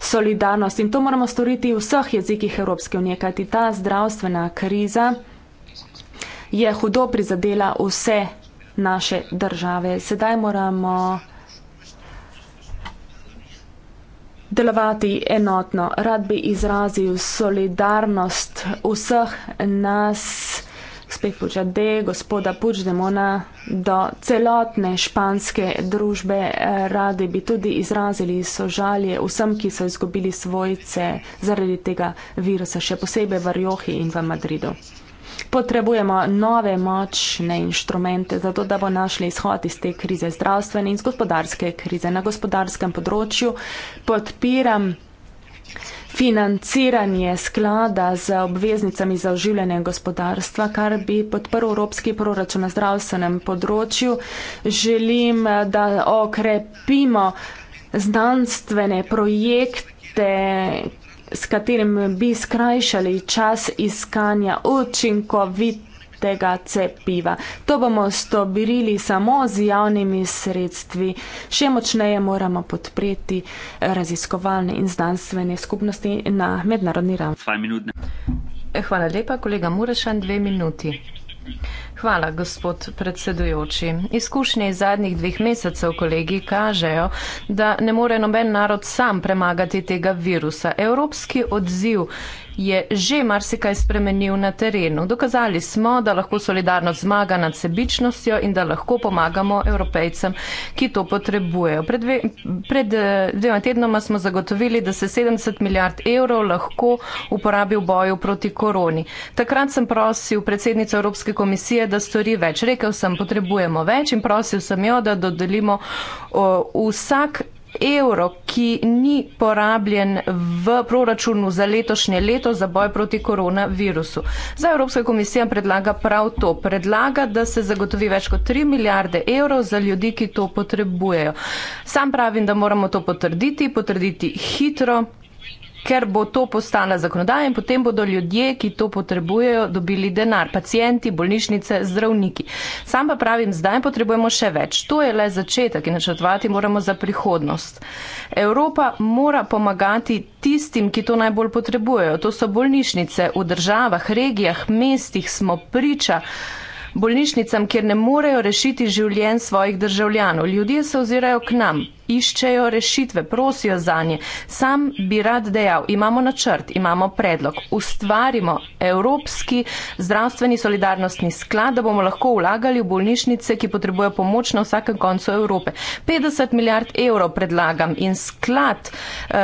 solidarnost. In to moramo storiti v vseh jezikih Evropske unije, kajti ta zdravstvena kriza je hudo prizadela vse naše države. Sedaj moramo delovati enotno. Rad bi izrazil solidarnost vseh nas spet počade gospoda Puigdemona do celotne španske družbe. Radi bi tudi izrazili sožalje vsem, ki so izgubili svojce zaradi tega virusa, še posebej v Rjohi in v Madridu. Potrebujemo nove močne inštrumente, zato da bo našli izhod iz te krize zdravstvene in gospodarske krize. Na gospodarskem področju podpiram financiranje sklada z obveznicami za oživljanje gospodarstva, kar bi podprl evropski proračun na zdravstvenem področju. Želim, da okrepimo znanstvene projekte, s katerim bi skrajšali čas iskanja učinkovitosti tega cepiva. To bomo stobirili samo z javnimi sredstvi. Še močneje moramo podpreti raziskovalne in znanstvene skupnosti na mednarodni ravni. Hvala lepa, kolega Murešan, dve minuti. Hvala, gospod predsedujoči. Izkušnje iz zadnjih dveh mesecev, kolegi, kažejo, da ne more noben narod sam premagati tega virusa. Evropski odziv je že marsikaj spremenil na terenu. Dokazali smo, da lahko solidarnost zmaga nad sebičnostjo in da lahko pomagamo evropejcem, ki to potrebujejo. Pred, dve, pred eh, dvema tednoma smo zagotovili, da se 70 milijard evrov lahko uporabi v boju proti koroni. Takrat sem prosil predsednico Evropske komisije, da stori več. Rekel sem, potrebujemo več in prosil sem jo, da dodelimo o, vsak evro, ki ni porabljen v proračunu za letošnje leto za boj proti koronavirusu. Za Evropska komisija predlaga prav to. Predlaga, da se zagotovi več kot 3 milijarde evrov za ljudi, ki to potrebujejo. Sam pravim, da moramo to potrditi, potrditi hitro, ker bo to postala zakonodaja in potem bodo ljudje, ki to potrebujejo, dobili denar. Pacijenti, bolnišnice, zdravniki. Sam pa pravim, zdaj potrebujemo še več. To je le začetek in načrtovati moramo za prihodnost. Evropa mora pomagati tistim, ki to najbolj potrebujejo. To so bolnišnice v državah, regijah, mestih smo priča bolnišnicam, kjer ne morejo rešiti življenj svojih državljanov. Ljudje se ozirajo k nam, iščejo rešitve, prosijo za nje. Sam bi rad dejal, imamo načrt, imamo predlog, ustvarimo Evropski zdravstveni solidarnostni sklad, da bomo lahko vlagali v bolnišnice, ki potrebujo pomoč na vsakem koncu Evrope. 50 milijard evrov predlagam in sklad uh,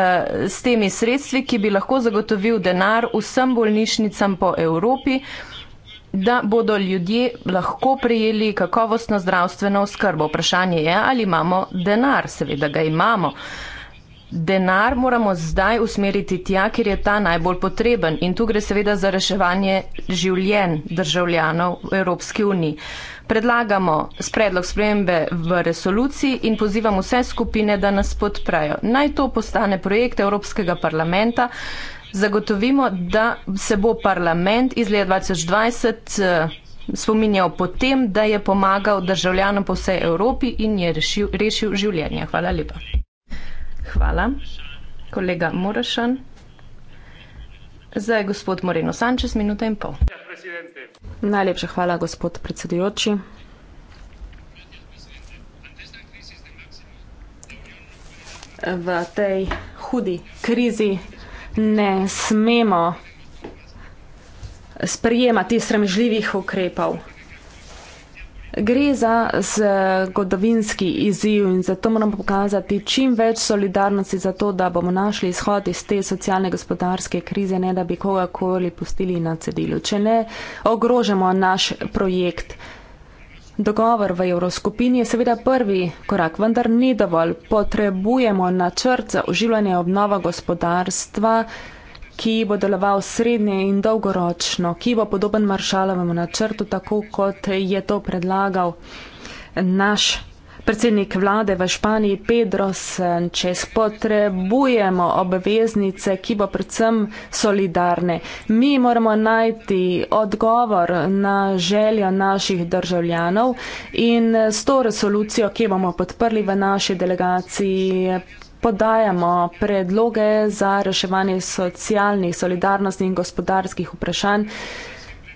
s temi sredstvi, ki bi lahko zagotovil denar vsem bolnišnicam po Evropi da bodo ljudje lahko prijeli kakovostno zdravstveno oskrbo. Vprašanje je, ali imamo denar. Seveda ga imamo. Denar moramo zdaj usmeriti tja, kjer je ta najbolj potreben in tu gre seveda za reševanje življenj državljanov v Evropski uniji. Predlagamo spredlog spremembe v resoluciji in pozivam vse skupine, da nas podprajo. Naj to postane projekt Evropskega parlamenta, zagotovimo, da se bo parlament iz leta 2020 eh, spominjal po tem, da je pomagal državljanom po vsej Evropi in je rešil, rešil življenje. Hvala lepa. Hvala. Kolega Morašan. Zdaj gospod Moreno Sanchez, minuta in pol. Najlepša hvala, gospod predsedujoči. V tej hudi krizi ne smemo sprejemati sremežljivih ukrepov. Gre za zgodovinski izziv in zato moramo pokazati čim več solidarnosti za to, da bomo našli izhod iz te socialne gospodarske krize, ne da bi kogakoli pustili na cedilu. Če ne, ogrožamo naš projekt. Dogovor v Evroskupini je seveda prvi korak, vendar ni dovolj. Potrebujemo načrt za oživljanje obnova gospodarstva, ki bo deloval srednje in dolgoročno, ki bo podoben maršalovemu načrtu, tako kot je to predlagal naš Predsednik vlade v Španiji Pedro Sanchez potrebujemo obveznice, ki bo predvsem solidarne. Mi moramo najti odgovor na željo naših državljanov in s to resolucijo, ki bomo podprli v naši delegaciji, podajamo predloge za reševanje socialnih, solidarnostnih in gospodarskih vprašanj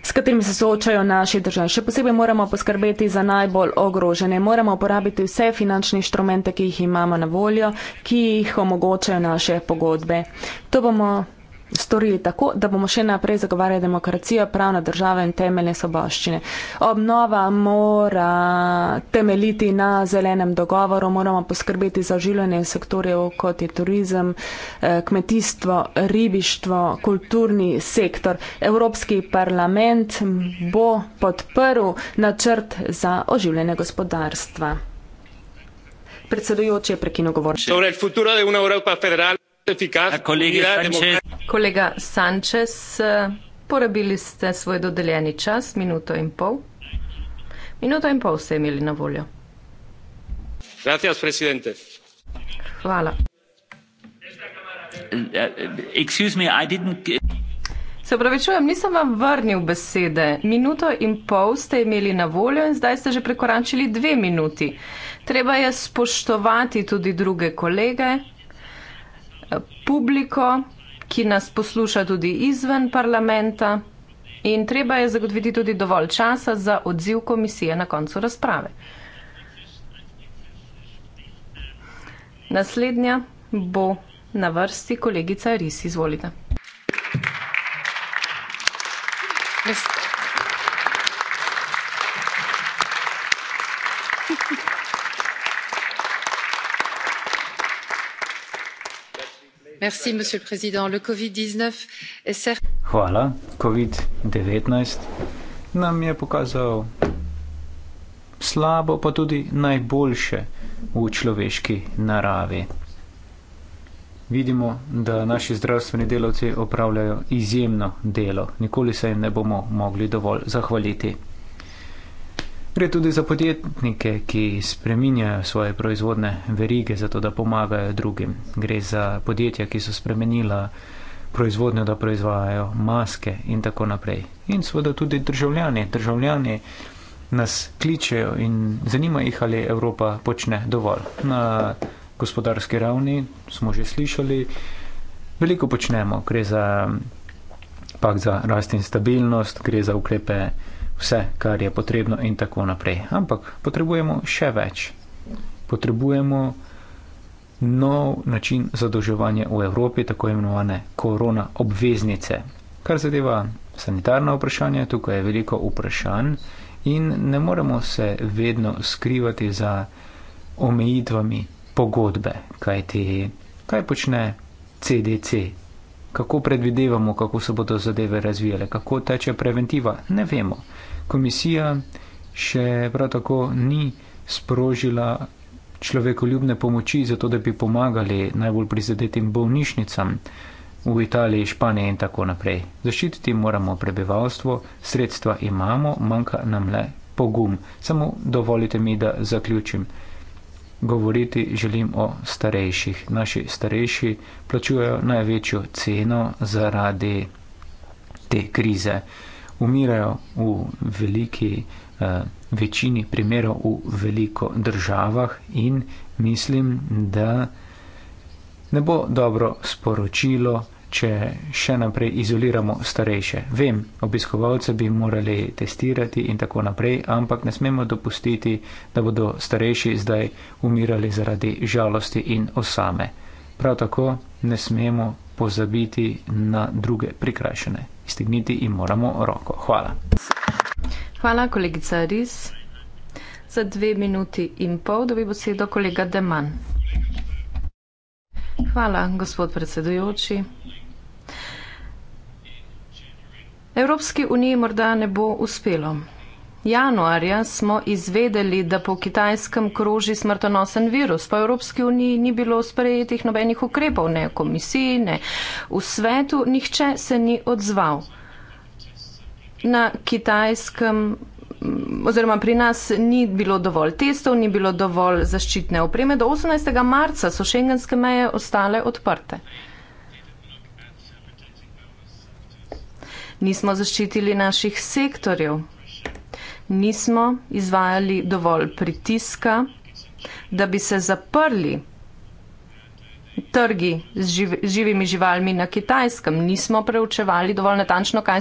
s katerimi se soočajo naše države. Še posebej moramo poskrbeti za najbolj ogrožene. Moramo uporabiti vse finančne inštrumente, ki jih imamo na voljo, ki jih omogočajo naše pogodbe. To bomo storili tako, da bomo še naprej zagovarjali demokracijo, pravna država in temeljne soboščine. Obnova mora temeljiti na zelenem dogovoru, moramo poskrbeti za oživljanje sektorjev, kot je turizem, eh, kmetijstvo, ribištvo, kulturni sektor. Evropski parlament bo podprl načrt za oživljanje gospodarstva. Predsedujoče je prekinil govor eficaz. Ja, Kolega Sanchez, eh, porabili ste svoj dodeljeni čas, minuto in pol. Minuto in pol ste imeli na voljo. Gracias, presidente. Hvala. Eh, eh, excuse me, I didn't... Se upravičujem, nisem vam vrnil besede. Minuto in pol ste imeli na voljo in zdaj ste že prekoračili dve minuti. Treba je spoštovati tudi druge kolege publiko, ki nas posluša tudi izven parlamenta in treba je zagotoviti tudi dovolj časa za odziv komisije na koncu razprave. Naslednja bo na vrsti kolegica Ris, izvolite. Mislim. Hvala. COVID-19 nam je pokazal slabo, pa tudi najboljše v človeški naravi. Vidimo, da naši zdravstveni delavci opravljajo izjemno delo. Nikoli se jim ne bomo mogli dovolj zahvaliti. Gre tudi za podjetnike, ki spreminjajo svoje proizvodne verige, zato da pomagajo drugim. Gre za podjetja, ki so spremenila proizvodnjo, da proizvajajo maske in tako naprej. In seveda tudi državljani. Državljani nas kličejo in zanima jih, ali Evropa počne dovolj. Na gospodarski ravni smo že slišali, veliko počnemo. Gre za pak za rast in stabilnost, gre za ukrepe vse, kar je potrebno in tako naprej. Ampak potrebujemo še več. Potrebujemo nov način zadolževanja v Evropi, tako imenovane korona obveznice. Kar zadeva sanitarna vprašanja, tukaj je veliko vprašanj in ne moremo se vedno skrivati za omejitvami pogodbe, kaj ti, kaj počne CDC, kako predvidevamo, kako se bodo zadeve razvijale, kako teče preventiva, ne vemo komisija še prav tako ni sprožila človekoljubne pomoči za to, da bi pomagali najbolj prizadetim bolnišnicam v Italiji, Španiji in tako naprej. Zaščititi moramo prebivalstvo, sredstva imamo, manjka nam le pogum. Samo dovolite mi, da zaključim. Govoriti želim o starejših. Naši starejši plačujejo največjo ceno zaradi te krize umirajo v veliki eh, večini primerov v veliko državah in mislim, da ne bo dobro sporočilo, če še naprej izoliramo starejše. Vem, obiskovalce bi morali testirati in tako naprej, ampak ne smemo dopustiti, da bodo starejši zdaj umirali zaradi žalosti in osame. Prav tako ne smemo pozabiti na druge prikrajšene iztegniti in moramo roko. Hvala. Hvala, kolegica Riz. Za dve minuti in pol dobi besedo kolega Deman. Hvala, gospod predsedujoči. Evropski uniji morda ne bo uspelo. Januarja smo izvedeli, da po Kitajskem kroži smrtonosen virus. Po Evropski uniji ni bilo sprejetih nobenih ukrepov, ne komisiji, ne v svetu, nihče se ni odzval. Na Kitajskem, mm, oziroma pri nas, ni bilo dovolj testov, ni bilo dovolj zaščitne opreme. Do 18. marca so šengenske meje ostale odprte. Nismo zaščitili naših sektorjev nismo izvajali dovolj pritiska, da bi se zaprli trgi z živimi živalmi na kitajskem, nismo preučevali dovolj natančno, kaj se